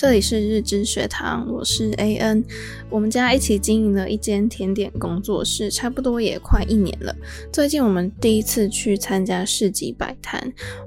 這裡是日之學堂，我是 AN。我們家一起經營了一間甜點工作室，差不多也快一年了。最近我們第一次去參加市集擺攤，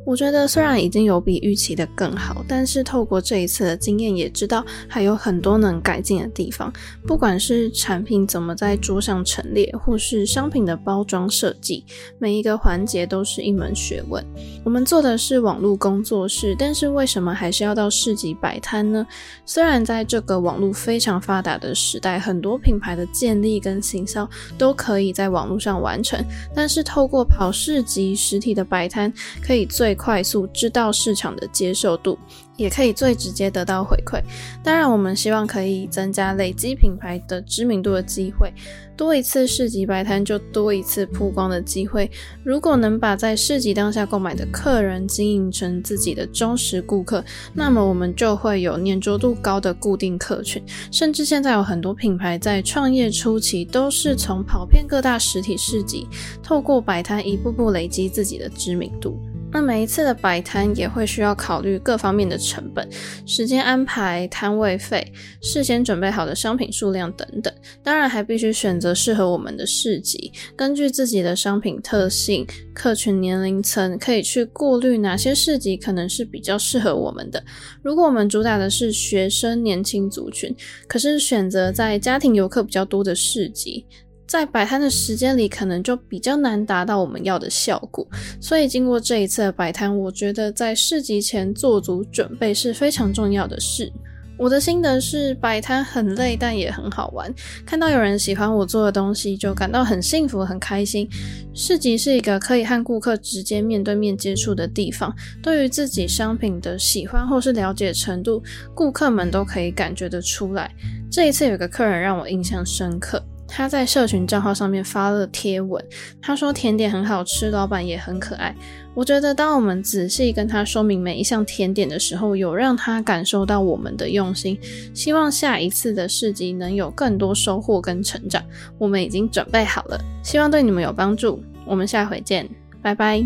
我覺得雖然已經有比預期的更好，但是透過這一次的經驗，也知道還有很多能改進的地方。不管是產品怎麼在桌上陳列，或是商品的包裝設計，每一個環節都是一門學問。我們做的是網絡工作室，但是為什麼還是要到市集擺攤呢？雖然在這個網絡非常發達的時代，很多品牌的建立跟行銷都可以在網絡上完成，但是透過跑市集實體的擺攤，可以最快速知道市場的接受度，也可以最直接得到回饋。當然，我們希望可以增加累積品牌的知名度的機會。多一次市集擺攤，就多一次曝光的機會。如果能把在市集當下購買的客人經營成自己的忠實顧客，那麼我們就會有黏著度高的固定客群。甚至現在有很多品牌在創業初期，都是從跑遍各大實體市集，透過擺攤一步步累積自己的知名度。那每一次的擺攤也會需要考慮各方面的成本、時間安排、攤位費、事先準備好的商品數量等等。當然還必須選擇適合我們的市集，根據自己的商品特性、客群年齡層，可以去過濾哪些市集可能是比較適合我們的。如果我們主打的是學生年輕族群，可是選擇在家庭遊客比較多的市集。在擺攤的時間裡，可能就比較難達到我們要的效果。所以經過這一次的擺攤，我覺得在市集前做足準備是非常重要的事。我的心得是，擺攤很累，但也很好玩。看到有人喜歡我做的東西，就感到很幸福、很開心。市集是一個可以和顧客直接面對面接觸的地方，對於自己商品的喜歡或是了解程度，顧客們都可以感覺得出來。這一次有個客人讓我印象深刻。他在社群賬號上面發了貼文，他說甜點很好吃，老闆也很可愛。我覺得當我們仔細跟他說明每一項甜點的時候，有讓他感受到我們的用心。希望下一次的市集能有更多收穫跟成長。我們已經準備好了，希望對你們有幫助。我們下回見，拜拜。